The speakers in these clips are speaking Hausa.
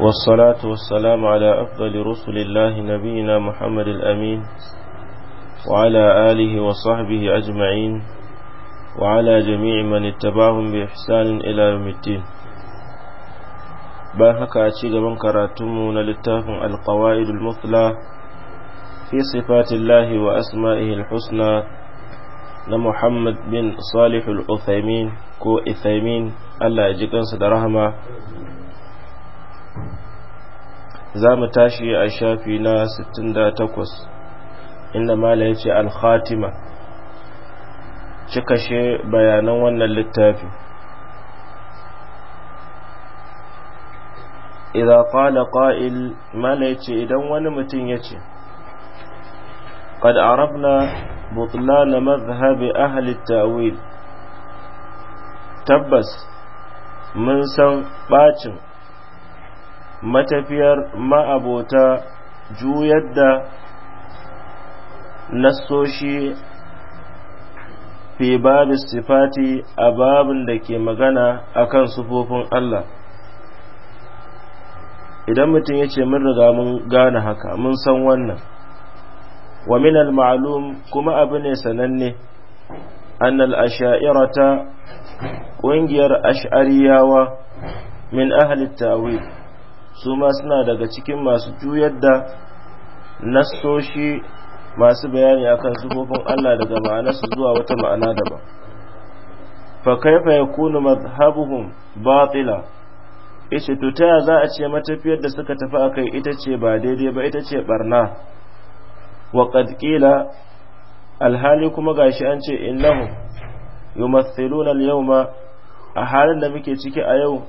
والصلاة والسلام على أفضل رسل الله نبينا محمد الأمين وعلى آله وصحبه أجمعين وعلى جميع من اتبعهم بإحسان إلى يوم الدين باهك أشيد من كراتمون للتاف القواعد المثلى في صفات الله وأسمائه الحسنى لمحمد بن صالح الأثيمين كو إثيمين الله يجيكم صدرهما za mu tashi a shafi na 68 inda mala ya ce alhatima cikashe bayanan wannan littafi idan kala ƙa'il mala ya ce idan wani mutum ya ce قد عرفنا na mazhabi a التأويل tabbas mun san ɓacin. matafiyar ma'abota juyar da nassoshi fi babu sifati a babin da ke magana akan sufofin Allah idan mutum ya ce mun riga mun gane haka mun san wannan wa min al kuma abu ne sananne an al-asha'irata ƙungiyar ash'ariyawa min ahli tawil su ma suna daga cikin masu juyar da nastoshi masu bayani akan sufofin Allah daga ma'anarsu zuwa wata ma'ana daban fa kaifa yakunu madhhabuhum batila yace to za a ce matafiyar da suka tafi akai ita ce ba daidai ba ita ce barna wa qad alhali kuma gashi an ce innahum yumathiluna yau yawma a halin da muke ciki a yau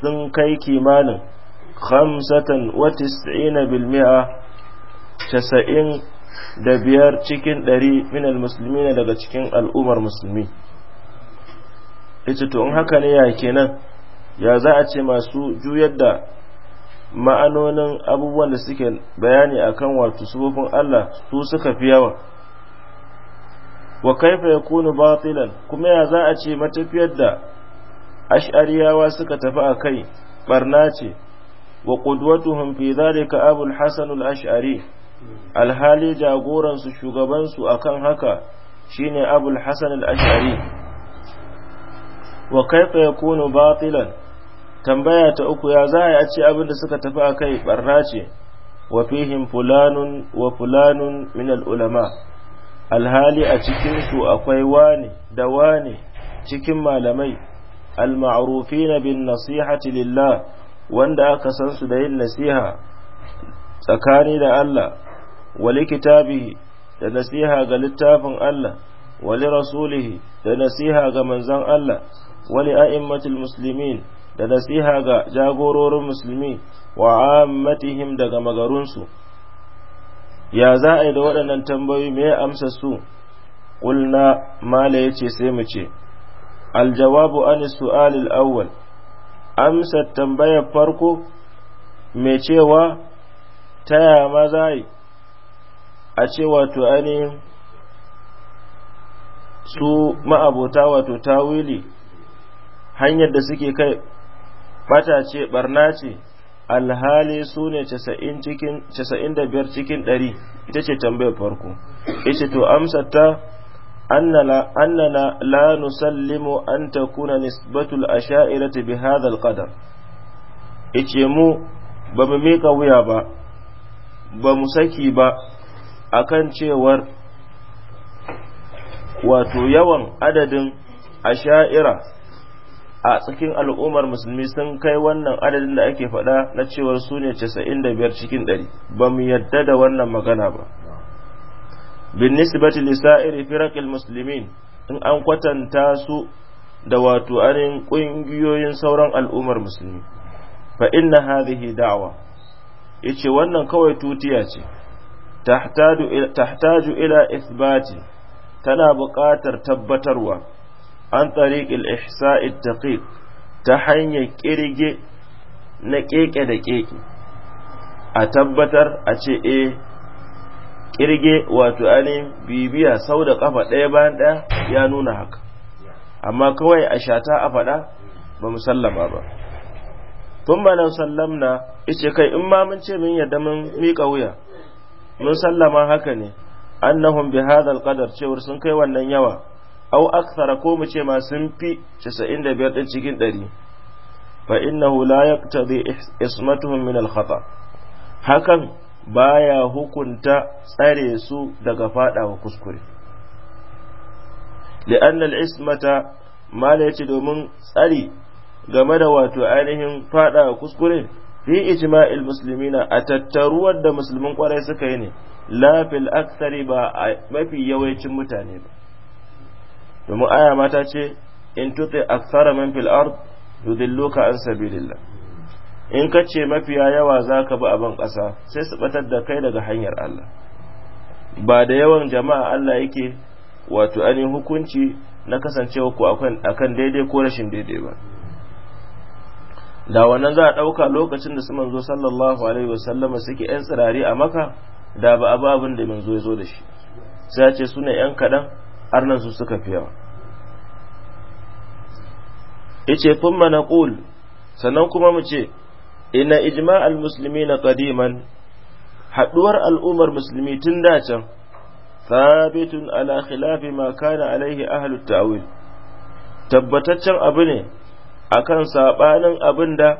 sun kai kimanin khamsatan wa tis'ina bil casa'in da biyar cikin ɗari minal musulmi daga cikin al'ummar musulmi ita to in haka ne ya kenan ya za a ce masu juyar da ma'anonin abubuwan da suke bayani akan wato sufofin Allah su suka fi yawa wa kaifa yakunu batilan kuma ya za a ce matafiyar da ash'ariyawa suka tafi a kai barna ce وقدوتهم في ذلك أبو الحسن الأشعري alhali jagoransu shugabansu akan haka shine abul hasan al-ash'ari wa kaifa batilan tambaya ta uku ya za a ce abin da suka tafi akai barna ce wa fulanun wa fulanun min al-ulama alhali a cikin su akwai wani da wani cikin malamai al-ma'rufina bin nasihati lillah wanda aka san su da yin nasiha tsakani da Allah wali kitabihi da nasiha ga littafin Allah wali rasulihi da nasiha ga manzon Allah wali a'immatul muslimin da nasiha ga jagororin musulmi wa ammatihim daga su ya za a yi da waɗannan tambayoyi me amsa su ƙulna mala yace sai mu ce aljawabu an su'alil awwal amsa tambayar farko mai cewa taya maza ma yi a ce wato ainihin su ma'abota wato tawili hanyar da suke kai bata ce barna ce alhali su ne casa'in da biyar cikin ɗari ita ce tambayar farko ita to amsar ta أننا لا نسلم أن تكون نسبة الأشائرة بهذا القدر إتيمو بمميك ويابا بمسكيبا أكن شيور wato yawan adadin asha'ira a tsakin al'ummar musulmi sun kai wannan adadin da ake faɗa na cewar su ne biyar cikin ɗari. ba mu yadda da wannan magana ba bin nisbati li sa'iri firaqil in an kwatanta su da wato anin ƙungiyoyin sauran al'ummar musulmi fa inna hadhihi da'wa yace wannan kawai tutiya ce tahtaju ila ithbati tana buƙatar tabbatarwa an tariqil ihsa'i daqiq ta hanyar kirge na keke da keke a tabbatar a ce eh kirge wato ainihin bibiya sau da kafa ɗaya bayan ɗaya ya nuna haka amma kawai a shata a faɗa ba mu sallama ba tun ba nan sallamna ice kai in ma mun ce mun yadda mun miƙa wuya mun sallama haka ne annahum bi hadal cewar sun kai wannan yawa au aksara ko mu ce ma sun fi 95 din cikin 100 fa innahu la yaqtadi ismatuhum min al hakan baya hukunta tsare su daga fadawa kuskure li'anna al-ismata mala yace domin tsari game da wato ainihin fadawa kuskure fi ijma'il muslimina a tattaruwar da musulmin kwarai suka yi ne la fil aktsari ba a mafi yawancin mutane ba domin aya mata ce in tuti aksara man fil ard yudilluka an sabilillah in ka ce mafiya yawa za ka bi abin ƙasa sai su batar da kai daga hanyar Allah ba da yawan jama'a Allah yake wato ani hukunci na kasancewa ku akan daidai ko rashin daidai ba da wannan za a ɗauka lokacin da su manzo sallallahu alaihi wasallam suke 'yan tsirari a maka da ba abu abin da manzo ya zo da shi sai ya ce su ne 'yan kaɗan arnan su suka fi yawa ice thumma naqul sannan kuma mu ce ina ijma'al musulmi na qadiman haɗuwar al'ummar musulmi tun da can thabitun ala khilafi ma kana alaihi ahlut ta'wil tabbataccen abu ne akan sabanin abin da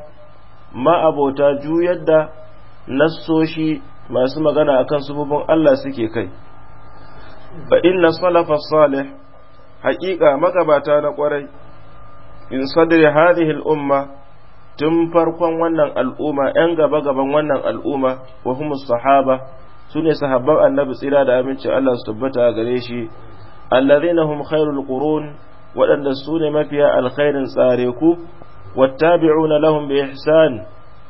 ma'abota juyar da nassoshi masu magana akan sufufin Allah suke kai fa inna salafa salih haƙiƙa magabata na ƙwarai in sadri hadhihi al-umma tun farkon wannan al'umma ‘yan gaba-gaban wannan al'umma wa humus sahaba su ne sahabban annabi tsira da amincin Allah su tabbata a gare shi allazina hum khairul qurun waɗanda su ne mafiya alkhairin tsare ku wattabi'una lahum bi ihsan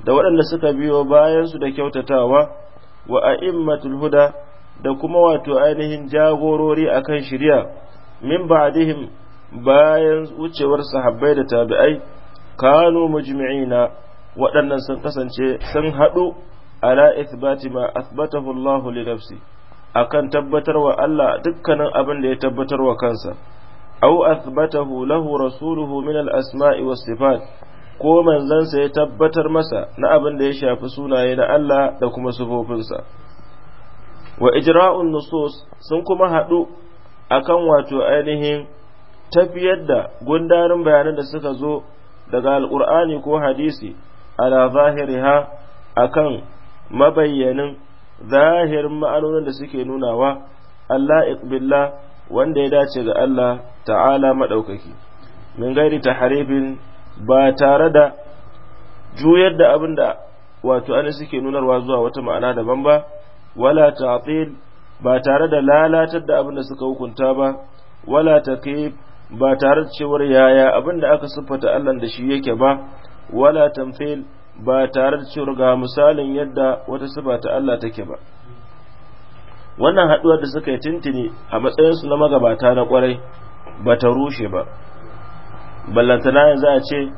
da waɗanda suka biyo bayan su da kyautatawa wa a'immatul huda da kuma wato ainihin jagorori akan shari'a min ba'dihim bayan wucewar sahabbai da tabi'ai kanu mujmi'ina waɗannan sun kasance sun haɗu ala ithbati ma athbatahu Allah li nafsi akan tabbatarwa Allah dukkanin abin da ya tabbatarwa kansa aw athbatahu lahu rasuluhu min al-asma'i was sifat ko manzansa ya tabbatar masa na abin da ya shafi sunaye na Allah da kuma sifofinsa wa ijra'un nusus sun kuma haɗu akan wato ainihin tafiyar da gundarin bayanan da suka zo daga alƙur'ani ko hadisi ala zahiriha akan mabayyanin zahirin ma'anonin da suke nunawa Allah billah wanda ya dace ga Allah ta'ala maɗaukaki min gairi taharifin ba tare da juyar da abin da wato ana suke nunarwa zuwa wata ma'ana daban ba wala ta'til ba tare da lalatar da abin da suka hukunta ba wala taqib ba tare da cewar yaya abin da aka siffata Allah da shi yake ba wala tamfil ba tare da cewar ga misalin yadda wata siffa ta Allah take ba wannan haduwar da suka yi tintini a matsayinsu na magabata na kwarai ba ta rushe ba ballantana yanzu a ce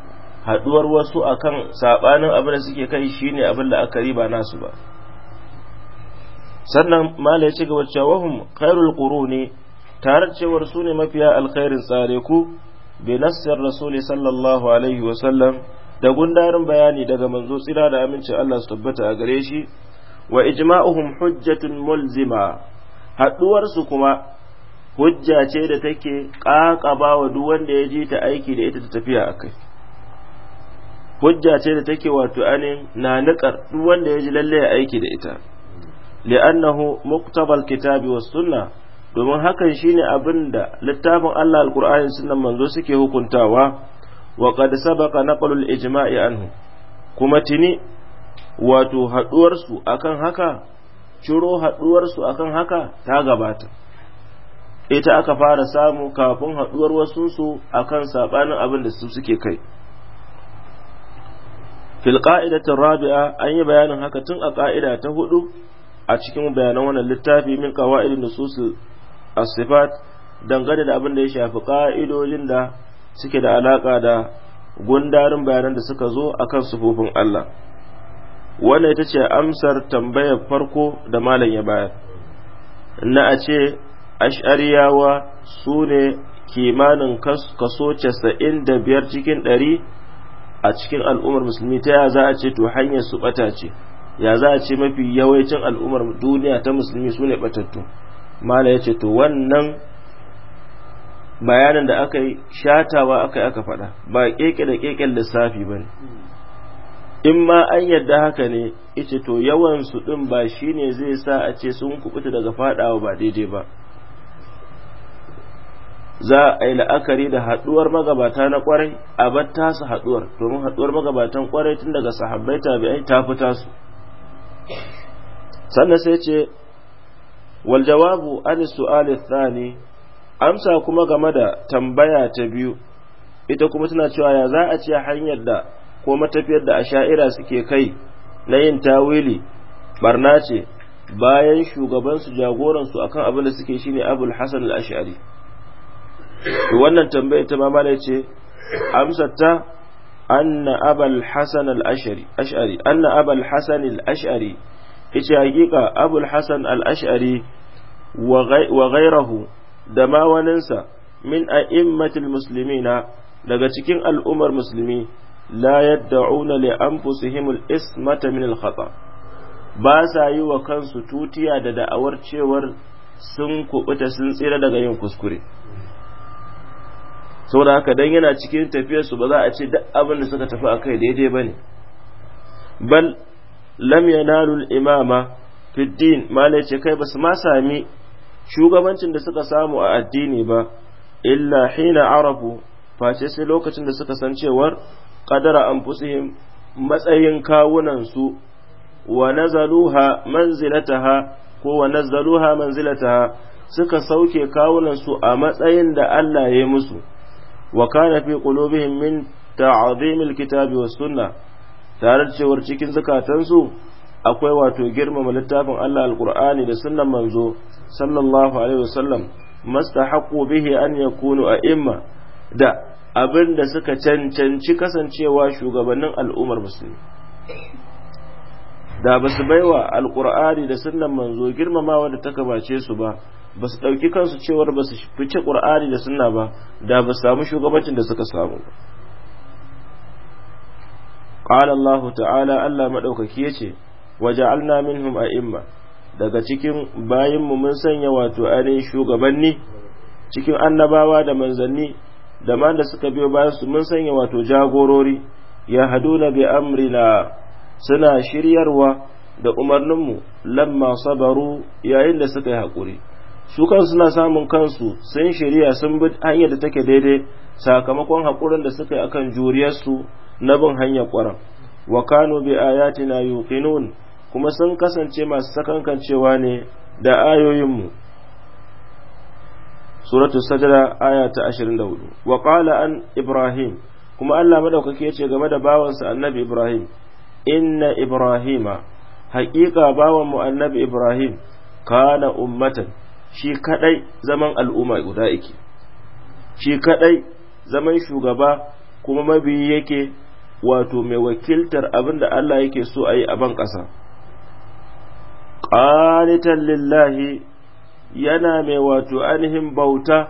haduwar wasu akan saɓanin abin da suke kai shine abin da aka riba nasu ba sannan mala ya ci gaba cewa wahum khairul quruni tare da cewar su ne mafiya alkhairin tsare ku bi nassar rasuli sallallahu alaihi wa sallam da gundarin bayani daga manzo tsira da amincin Allah su tabbata a gare shi wa ijma'uhum hujjatun mulzima haduwar su kuma hujja ce da take kakabawa duk wanda ya ji ta aiki da ita ta tafiya akai hujja ce da take wato anin na niƙar duk wanda ya ji lalle aiki da ita li'annahu muqtabal kitabi was sunnah domin hakan shine abin da littafin Allah alkur'ani sunan manzo suke hukuntawa wa qad sabaqa naqlul ijma'i anhu kuma tini wato haduwar su akan haka ciro haduwar su akan haka ta gabata ita aka fara samu kafin haduwar wasu su akan sabanin abin da su suke kai fil qa'idatir rabi'a an yi bayanin haka tun a qa'ida ta hudu a cikin bayanan wannan littafi min qawaidin nususul asifat sifat dangane da abin da ya shafi ka'idojin da suke da alaka da gundarin bayanan da suka zo akan sufufin Allah wanda ita ce amsar tambayar farko da malam ya bayar na a ce ash'ariyawa su ne kimanin kaso casa'in da biyar cikin ɗari a cikin al'ummar musulmi ta ya za a ce to hanyar su ɓata ce ya za a ce mafi yawancin al'ummar duniya ta musulmi su ne ɓatattu mala ya ce to wannan bayanin da aka yi shatawa aka yi aka faɗa ba keke da keken lissafi ba ne in ma an yadda haka ne ita to yawan su ɗin ba shine zai sa a ce sun kubuta daga faɗawa ba daidai ba za a yi la'akari da haɗuwar magabata na kwarai a bar tasu haɗuwar domin haɗuwar magabatan kwarai tun daga sahabbai tabi'ai ta fita su sannan sai ce wal jawabu an su'al thani amsa kuma game da tambaya ta biyu ita kuma tana cewa ya za a ce hanyar da ko matafiyar da asha'ira suke kai na yin tawili barna ce bayan shugabansu jagoransu akan abin da suke shine abul hasan al-ash'ari wannan tambaya ta mamala ce ta anna abul hasan al-ash'ari ash'ari anna abul hasan al-ash'ari yace hakika abul hasan al-ash'ari wa da ma waninsa min a'immatil muslimina daga cikin al'ummar musulmi la yad'una li anfusihim al-ismata min al-khata ba sa yi wa kansu tutiya da da'awar cewar sun kubuta sun tsira daga yin kuskure saboda haka dan yana cikin tafiyarsu ba za a ce duk abin da suka tafi akai daidai bane bal lam yanalu imama fi din malai ce kai basu ma sami shugabancin da suka samu a addini ba illa hina arafu face sai lokacin da suka san cewar qadara anfusihim matsayin kawunan su wa nazaluha manzilataha ko wa nazaluha manzilataha suka sauke kawunan su a matsayin da Allah ya yi musu wa kana fi qulubihim min ta'zimil kitabi was tare da cewar cikin zukatansu akwai wato girmama littafin Allah alqur'ani da sunnan manzo sallallahu alaihi wasallam mastahaqqu bihi an yakunu a'imma da abin suka cancanci kasancewa shugabannin al'ummar musulmi da ba su baiwa alqur'ani da sunnan manzo girmamawa da ta gabace su ba ba su ɗauki kansu cewar ba su fice ƙur'ani da sunna ba da ba samu shugabancin da suka samu qala Allah ta'ala Allah madaukaki yace waja'alna minhum a'imma daga cikin bayin mu mun sanya wato ainihin shugabanni cikin annabawa da manzanni da ma da suka biyo bayan su mun sanya wato jagorori ya haduna bi amrina suna shiryarwa da umarninmu lamma sabaru yayin da suka yi haƙuri su kan suna samun kansu sun shirya sun bi hanyar da take daidai sakamakon haƙurin da suka yi akan juriyarsu na bin hanyar ƙwarar wa kanu bi ayatina yuqinun kuma sun kasance masu sakankancewa ne da ayoyinmu suratu sajada aya ta 24 wa qala an ibrahim kuma Allah madaukake yace game da bawansa annabi ibrahim inna ibrahima haƙiƙa bawan annabi ibrahim kana ummatan shi kaɗai zaman al'umma guda yake shi kadai zaman shugaba kuma mabiyi yake wato mai wakiltar abin da Allah yake so a yi a ban ƙasa qanitan lillahi yana mai wato ainihin bauta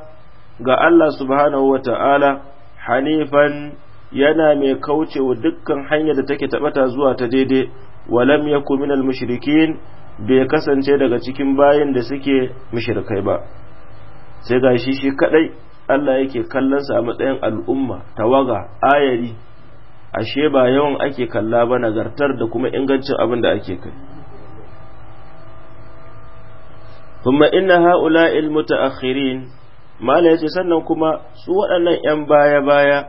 ga Allah subhanahu wata'ala hanifan yana mai kaucewa dukkan hanyar da take tabata zuwa ta daidai walam yakun minal mushrikin bai kasance daga cikin bayin da suke mushirikai ba sai ga shi shi kadai Allah yake kallonsa a matsayin al'umma tawaga ayari ashe ba yawan ake kalla ba nagartar da kuma ingancin abin da ake kai kuma inna ha'ula'il mutaakhirin mala yace sannan kuma su waɗannan 'yan baya-baya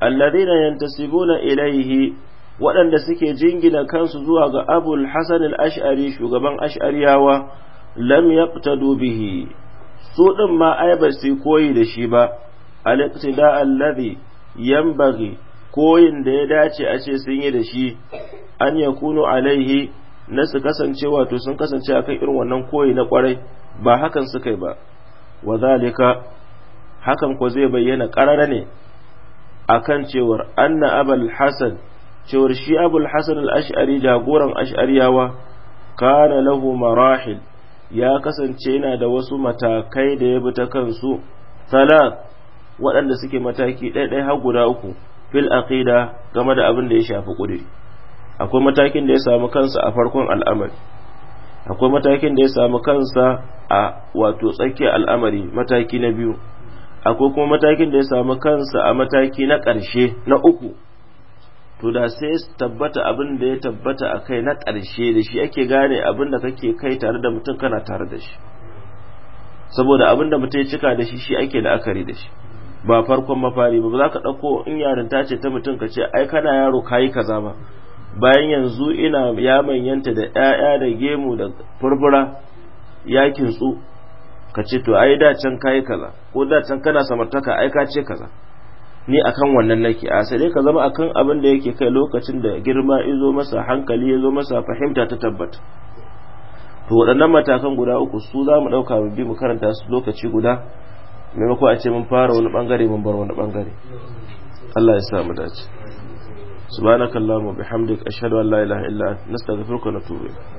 alladhina yantasibuna ilaihi waɗanda suke jingina kansu zuwa ga abul hasan al-ash'ari shugaban ash'ariyawa lam yaqtadu bihi su din ma ai ba su koyi da shi ba al-iqtida alladhi yanbaghi koyin da ya dace a ce sun yi da shi an yakunu alaihi na su kasance wato sun kasance akan irin wannan koyi na kwarai ba hakan suka yi ba wa zalika hakan ko zai bayyana karara ne akan cewar anna abul hasan cewar shi abul hasan al-ash'ari jagoran ash'ariyawa kana lahu marahil ya kasance yana da wasu matakai da ya bi ta kansu salat waɗanda suke mataki ɗaiɗai har guda uku fil aqida game da abin da ya shafi ƙudiri akwai matakin da ya samu kansa a farkon al'amari akwai matakin da ya samu kansa a wato tsakiyar al'amari mataki na biyu akwai kuma matakin da ya samu kansa a mataki na ƙarshe na uku to da sai tabbata abin da ya tabbata a kai na ƙarshe da shi ake gane abin da kake kai tare da mutum kana tare da shi saboda abin da mutum ya cika da shi shi ake la'akari da shi ba farkon mafari ba za ka ɗauko in ta ce ta mutum ka ce ai kana yaro ka yi kaza ba bayan yanzu ina ya manyanta da ƴaƴa da gemu da furfura ya kintsu ka ce to ai da can ka yi kaza ko da can kana samartaka ai ka ce kaza ni akan wannan nake a sai ka zama akan abin da yake kai lokacin da girma izo masa hankali ya zo masa fahimta ta tabbata to waɗannan matakan guda uku su za mu ɗauka mu bi mu karanta su lokaci guda maimako a ce mun fara wani ɓangare mun bar wani ɓangare Allah ya sa mu dace subhanakallahumma bihamdika ashhadu an la ilaha illa anta nastaghfiruka wa natubu ilayk